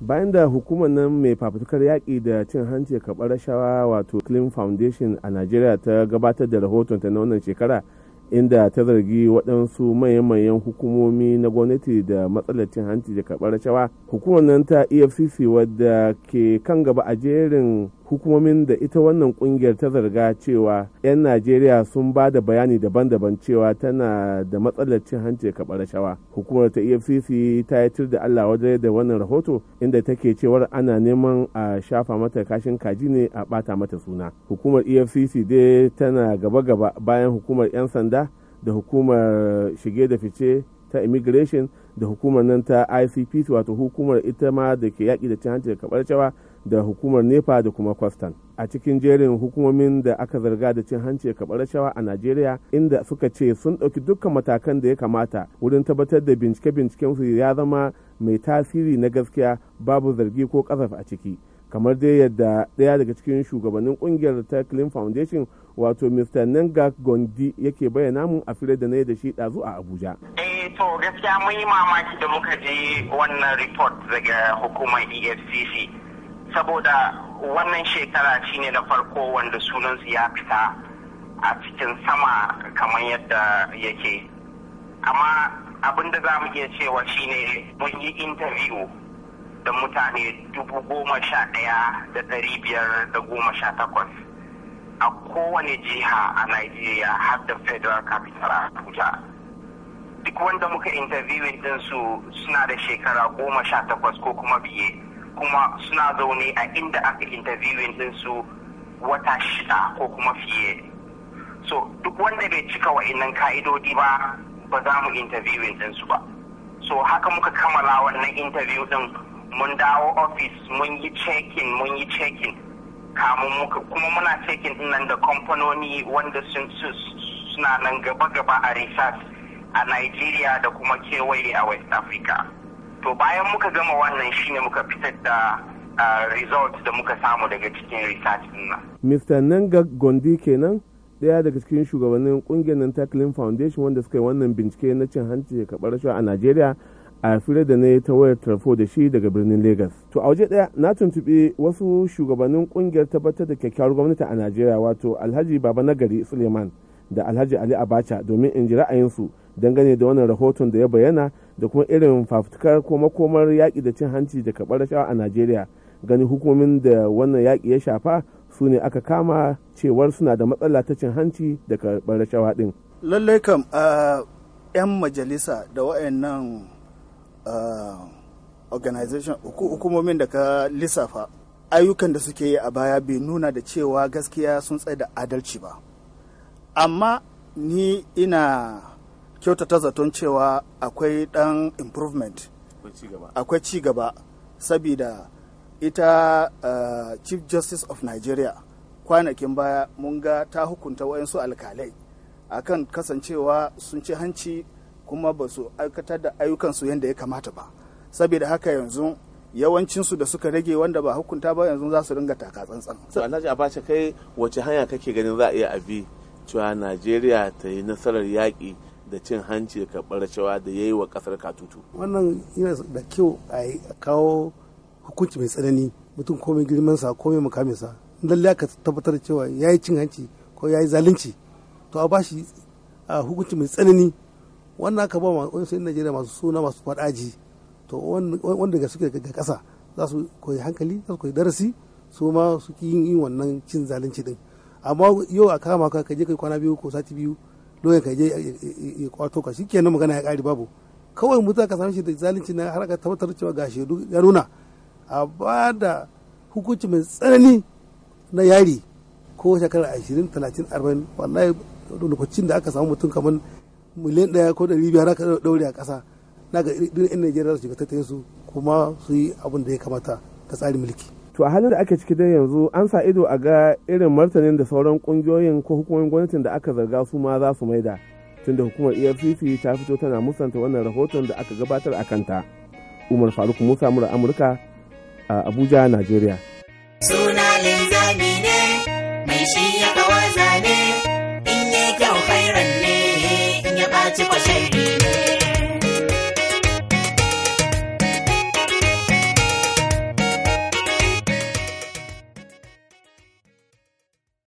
bayan da hukumar nan mai fafutukar yaƙi da cin hanci kaɓar rashawa wato clean foundation a nigeria ta gabatar da rahoton ta na wannan shekara inda ta zargi waɗansu mayan hukumomi na gwamnati da matsalar cin hanci da karɓar rashawa hukumar nan ta efcc wadda ke kan gaba a jerin hukumomin da ita wannan kungiyar ta zarga cewa 'yan najeriya sun ba da bayani daban-daban cewa tana da matsalar cin hanci karɓar rashawa hukumar ta efcc ta yi da allah wajen da wannan rahoto inda take cewar ana neman a shafa mata kashin kaji ne a bata mata suna hukumar efcc dai tana gaba-gaba bayan hukumar 'yan sanda da hukumar shige da fice ta immigration da hukumar nan ta icp wato hukumar ita ma da ke yaƙi da cin da kabar cewa da hukumar nepa da kuma kwastan a cikin jerin hukumomin da aka zarga da cin hanci kaɓar rashawa a najeriya inda suka ce sun ɗauki dukkan matakan da ya kamata wurin tabbatar da bincike-bincikensu ya zama mai tasiri na gaskiya babu zargi ko ƙazaf a ciki kamar dai yadda ɗaya daga cikin shugabannin kungiyar ta clean foundation wato mr nanga gondi yake bayyana mu a fira da na da shi ɗazu a abuja eh to gaskiya mun yi mamaki da muka ji wannan report daga hukumar efcc saboda wannan shekara shine na farko wanda sunansu ya fita a cikin sama kamar yadda yake amma abin da za mu iya cewa shine mun yi interview da mutane dubu goma sha ɗaya da ɗari biyar da goma sha takwas a kowane jiha a Najeriya har da federal capital Abuja. Duk wanda muka interviewin su suna da shekara goma sha takwas ko kuma biye kuma suna zaune a inda aka interviewin su wata shida ko kuma fiye. So duk wanda bai cika wa'innan ka'idodi ba ba za mu interviewin su ba. So haka muka kammala wannan interview din mun dawo ofis mun yi cekin mun yi cekin kamun muka kuma muna cekin nan da kamfanoni wanda sun suna nan gaba-gaba a research a nigeria da kuma kewaye a west africa to bayan muka gama wannan shine muka fitar da results da muka samu daga cikin research nan. mr nanga gondi kenan daya daga cikin shugabannin kungiyar nan tackling foundation wanda suka yi wannan bincike na cin hanci da karɓar rashawa a nigeria a fira da na yi ta wayar tarfo da shi daga birnin Legas. To a waje ɗaya na tuntuɓi wasu shugabannin ƙungiyar tabbatar da kyakkyawar gwamnati a Najeriya wato Alhaji Baba Nagari Suleiman da Alhaji Ali Abacha domin in ji ra'ayinsu dangane da wannan rahoton da ya bayyana da kuma irin fafutukar ko makomar yaƙi da cin hanci da karɓar rashawa a Najeriya. Gani hukumomin da wannan yaƙi ya shafa su ne aka kama cewar suna da matsala ta cin hanci da karɓar rashawa ɗin. Lallai kam 'yan majalisa da waɗannan Uh, organization hukumomin da ka lissafa ayyukan da suke yi a baya bai nuna da cewa gaskiya sun tsaye da adalci ba amma ni ina kyautata zaton cewa akwai dan improvement akwai ci gaba sabida ita uh, chief justice of nigeria kwanakin baya mun ga ta hukunta wayansu alkalai akan kasancewa sun ci hanci kuma ba su aikatar da ayyukansu yadda ya kamata ba saboda haka yanzu yawancinsu da suka rage wanda ba hukunta ba yanzu za su ringa taka tsantsan. alhaji abacha kai wace hanya kake ganin za a iya abi cewa najeriya ta yi nasarar yaƙi da cin hanci da karɓar cewa da ya yi wa ƙasar katutu. wannan yana da kyau a kawo hukunci mai tsanani mutum komai girmansa komai mukaminsa ya ka tabbatar cewa ya yi cin hanci ko ya yi zalunci to a bashi a hukunci mai tsanani wannan aka ba wani sai najeriya masu suna masu faɗaji to wanda ga suke ga kasa za su koyi hankali za su koyi darasi su ma su yin yin wannan cin zalunci din amma yau a kama ka je kai kwana biyu ko sati biyu lokacin ka je ya kwato ka shikenan magana ya ƙari babu kawai mutum ka same shi da zalunci na har ka tabbatar cewa ga shaidu ya nuna a ba da hukunci mai tsanani na yari ko shekara ashirin talatin arba'in wallahi lokacin da aka samu mutum kamar miliyan ɗaya ko ɗari biyar ka ɗaure a ƙasa na ga irin yan najeriya su shiga tattalin su kuma su yi abin da ya kamata ta tsarin mulki to a halin da ake ciki dai yanzu an sa ido a ga irin martanin da sauran kungiyoyin ko hukumomin gwamnatin da aka zarga su ma za su maida tunda hukumar efcc ta fito tana musanta wannan rahoton da aka gabatar a kanta umar faruk musa mura amurka a abuja najeriya suna linzami ne mai shi ya